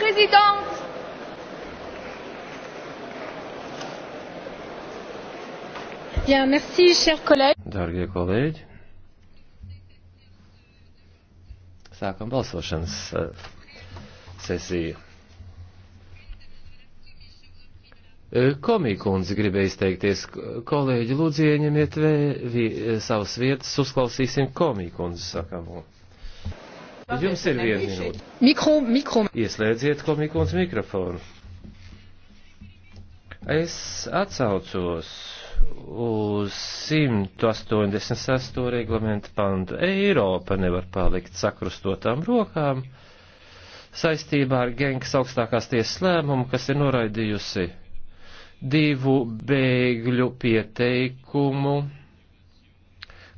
Présidente. Bien, merci, chers collègues. Dārgie kolēģi, sākam balsošanas eh, sesiju. Eh, Komikundze gribēja izteikties, kolēģi, lūdzu ieņemiet vē, vi, eh, savas vietas, uzklausīsim komikundzes sakamo. Jums ir viena minūte. Mikro, mikro. Ieslēdziet komikons mikrofonu. Es atsaucos uz 188. reglamentu pantu. Eiropa nevar palikt sakrustotām rokām saistībā ar Genkas augstākās tiesas lēmumu, kas ir noraidījusi divu bēgļu pieteikumu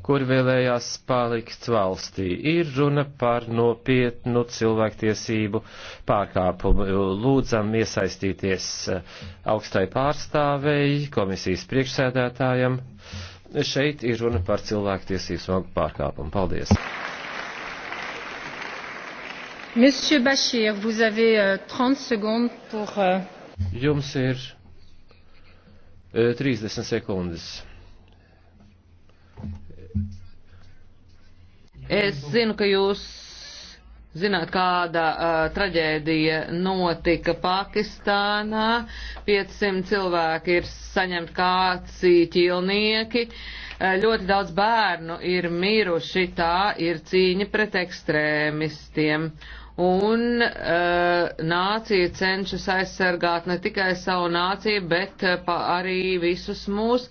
kur vēlējās palikt valstī. Ir runa par nopietnu cilvēktiesību pārkāpumu. Lūdzam iesaistīties eh, augstai pārstāvēji, komisijas priekšsēdētājam. Šeit ir runa par cilvēktiesību smagu pārkāpumu. Paldies! Monsieur Bachir, vous avez 30 euh, secondes pour. Euh, Jums ir 30 euh, sekundes. Es zinu, ka jūs Zināt, kāda uh, traģēdija notika Pakistānā. 500 cilvēki ir saņemti kāci ķilnieki. Uh, ļoti daudz bērnu ir miruši. Tā ir cīņa pret ekstrēmistiem. Un uh, nācija cenšas aizsargāt ne tikai savu nāciju, bet uh, arī visus mūsu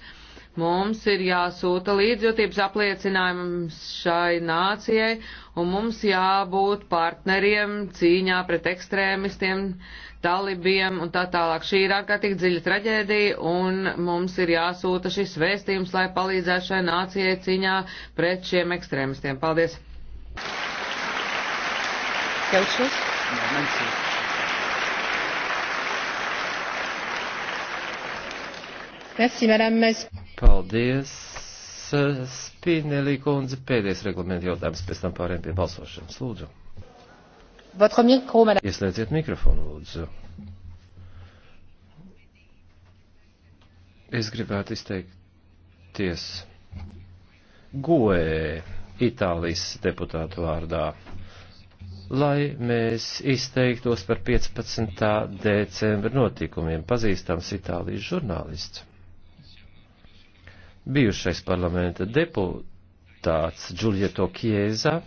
Mums ir jāsūta līdzjūtības apliecinājums šai nācijai, un mums jābūt partneriem cīņā pret ekstrēmistiem, talibiem un tā tālāk. Šī ir ārkārtīgi dziļa traģēdija, un mums ir jāsūta šis vēstījums, lai palīdzētu šai nācijai cīņā pret šiem ekstrēmistiem. Paldies! Kelčus? Nē, Mansīts. Merci, Madame Masson. Paldies, eh, Spinelī kundze. Pēdējais reglamenta jautājums, pēc tam pārējiem pie balsošanas. Lūdzu. Mikro, Ieslēdziet mikrofonu, lūdzu. Es gribētu izteikties goē Itālijas deputātu vārdā, lai mēs izteiktos par 15. decembra notikumiem. Pazīstams Itālijas žurnālists bijušais parlamenta deputāts Giulieto Kieza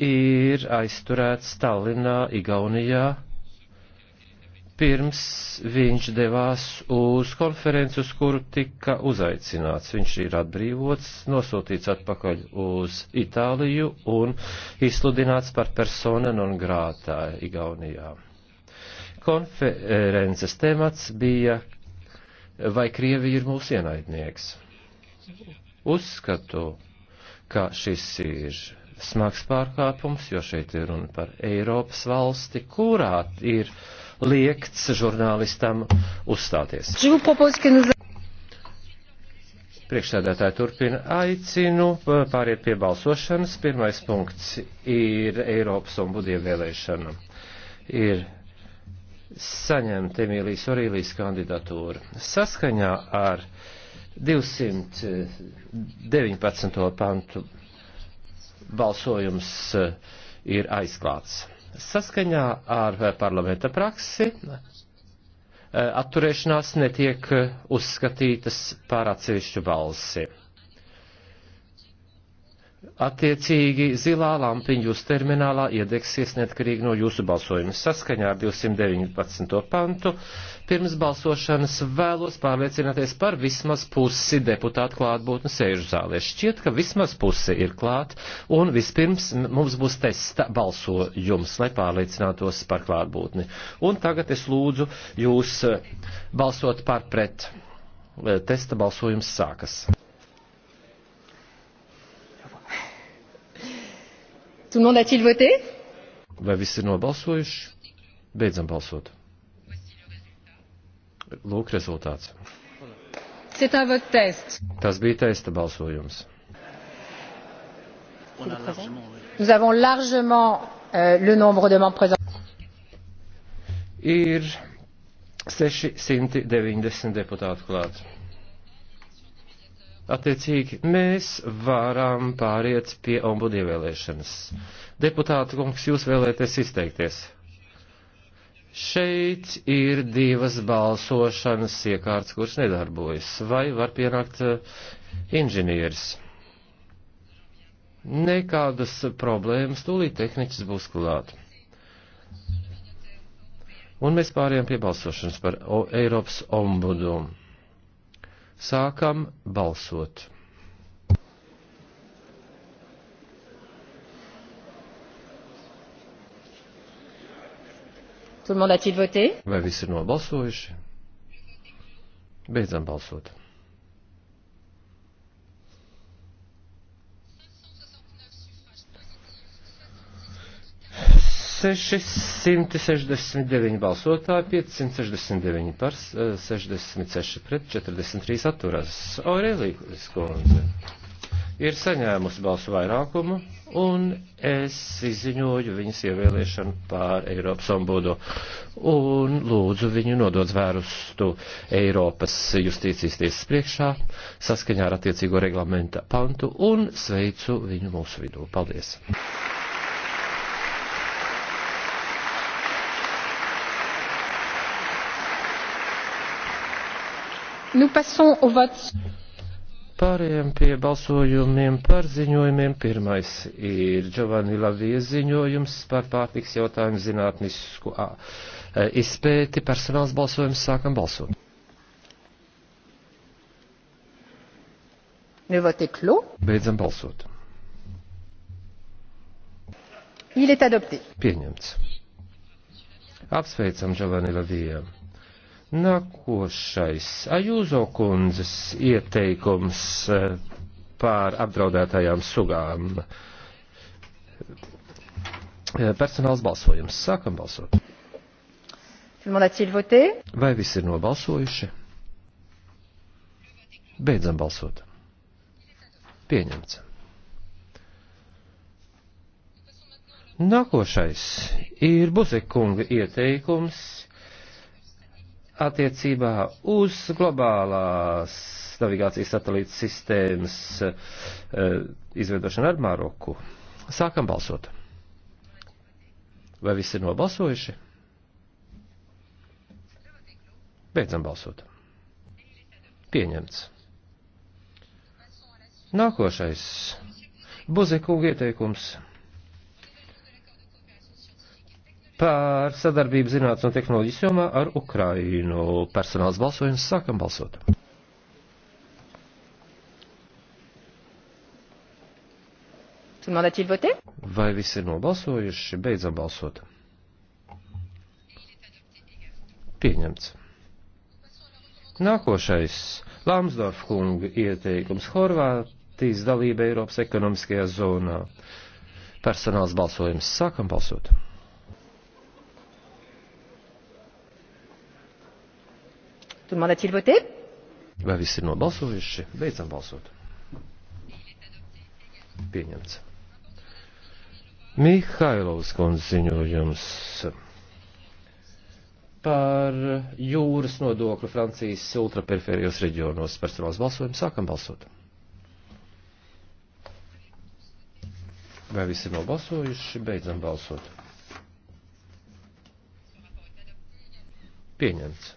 ir aizturēts Stalinā, Igaunijā, pirms viņš devās uz konferenci, uz kuru tika uzaicināts. Viņš ir atbrīvots, nosūtīts atpakaļ uz Itāliju un izsludināts par persona non grātā Igaunijā. Konferences temats bija vai Krievija ir mūsu ienaidnieks. Uzskatu, ka šis ir smags pārkāpums, jo šeit ir runa par Eiropas valsti, kurā ir liekts žurnālistam uzstāties. Priekšsēdētāji turpina aicinu pāriet pie balsošanas. Pirmais punkts ir Eiropas un budie vēlēšana. Ir saņemt Emīlijas Orīlijas kandidatūru. Saskaņā ar 219. pantu balsojums eh, ir aizklāts. Saskaņā ar eh, parlamenta praksi eh, atturēšanās netiek uzskatītas par atsevišķu balsi. Attiecīgi zilā lampiņa jūs terminālā iedegsies neatkarīgi no jūsu balsojuma. Saskaņā ar 219. pantu pirms balsošanas vēlos pārliecināties par vismaz pusi deputātu klātbūtni sēžu zālē. Šķiet, ka vismaz pusi ir klāt un vispirms mums būs testa balsojums, lai pārliecinātos par klātbūtni. Un tagad es lūdzu jūs eh, balsot par pret. Eh, testa balsojums sākas. Tout le monde a-t-il voté? Vai visi ir nobalsojuši? Beidzam balsot. Lūk rezultāts. Tas bija testa balsojums. Nous avons largement euh, le nombre de membres présents. Ir 690 deputāti klāt. Attiecīgi, mēs varam pāriet pie ombudu ievēlēšanas. Deputāta kungs, jūs vēlēties izteikties? Šeit ir divas balsošanas iekārtas, kuras nedarbojas. Vai var pienākt eh, inženieris? Nekādas problēmas, tūlīt tehniķis būs klāt. Un mēs pārējām pie balsošanas par o Eiropas ombudu. Sākam balsot. Tout le monde a-t-il voté? Vai visi ir nobalsojuši? Beidzam balsot. 669 balsotāji, 569 par, 66 eh, pret, 43 atturās. Aurelija Skundze ir saņēmusi balsu vairākumu, un es izziņoju viņas ievēlēšanu pār Eiropas ombudu un lūdzu viņu nodot zvērustu Eiropas justīcijas tiesas priekšā saskaņā ar attiecīgo reglamenta pantu un sveicu viņu mūsu vidū. Paldies! Nous passons au vote. Pārējiem pie balsojumiem par ziņojumiem. Pirmais ir Giovanni Lavie ziņojums par pārtiks jautājumu zinātnisku e, izpēti. Personāls balsojums sākam balsot. Beidzam balsot. Il est adopté. Pieņemts. Apsveicam Giovanni Lavie. Nākošais Ajūzo kundzes ieteikums eh, pār apdraudētajām sugām. Eh, personāls balsojums. Sākam balsot. Vai visi ir nobalsojuši? Beidzam balsot. Pieņemts. Nākošais ir Buzekunga ieteikums attiecībā uz globālās navigācijas satelīta sistēmas eh, izveidošanu ar Maroku. Sākam balsot. Vai visi ir nobalsojuši? Beidzam balsot. Pieņemts. Nākošais. Buzekunga ieteikums par sadarbību zinātnes un tehnoloģijas jomā ar Ukrainu. Personāls balsojums sākam balsot. Vai visi ir nobalsojuši? Beidzam balsot. Pieņemts. Nākošais Lamsdorf kunga ieteikums Horvātijas dalība Eiropas ekonomiskajā zonā. Personāls balsojums sākam balsot. Tout le monde a-t-il voté? Vai visi ir nobalsojuši? Beidzam balsot. Pieņemts. Mihailovs kundze ziņojums par jūras nodokli Francijas ultraperifērijos reģionos. Personāls balsojums sākam balsot. Vai visi ir nobalsojuši? Beidzam balsot. Pieņemts.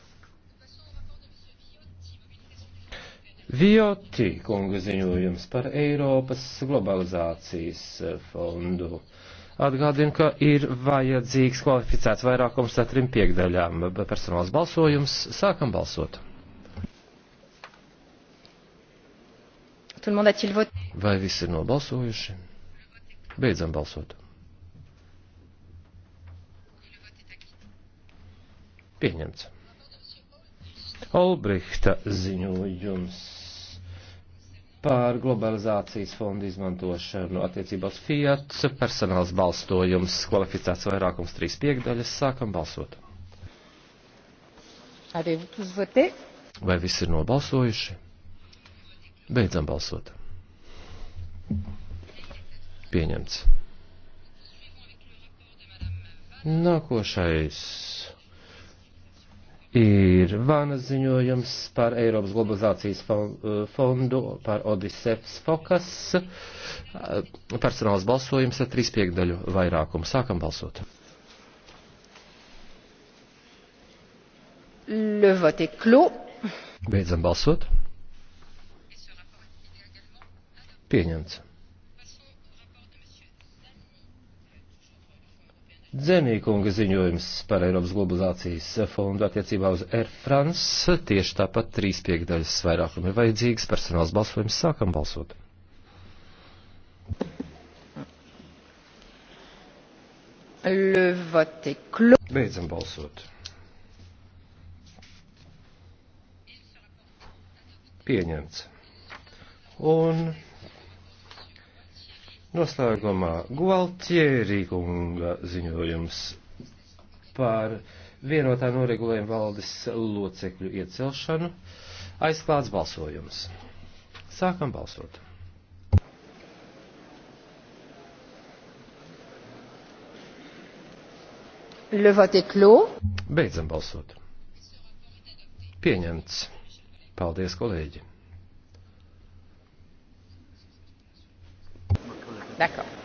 Vioti kunga ziņojums par Eiropas globalizācijas eh, fondu. Atgādinu, ka ir vajadzīgs kvalificēts vairākums ar trim piekdaļām. Personāls balsojums. Sākam balsot. Vai visi ir nobalsojuši? Beidzam balsot. Pieņemts. Olbrihta ziņojums par globalizācijas fondu izmantošanu attiecībā uz Fiat. Personāls balstojums, kvalificēts vairākums trīs piekdaļas. Sākam balsot. Vai visi ir nobalsojuši? Beidzam balsot. Pieņemts. Nākošais ir Vāna ziņojums par Eiropas globalizācijas eh, fondu, par Odiseps Fokas, eh, personāls balsojums ar trīs piekdaļu vairākumu. Sākam balsot. Le vote est clos. Beidzam balsot. Pieņemts. Dzenīkunga ziņojums par Eiropas globalizācijas fondu attiecībā uz Air France. Tieši tāpat trīs piekdaļas vairākumu ir vajadzīgs. Personāls balsojums sākam balsot. Beidzam balsot. Pieņemts. Un Noslēgumā Gualtierī kunga ziņojums par vienotā noregulējuma valdes locekļu iecelšanu aizklāts balsojums. Sākam balsot. Le vote est clos. Beidzam balsot. Pieņemts. Paldies, kolēģi. d'accord.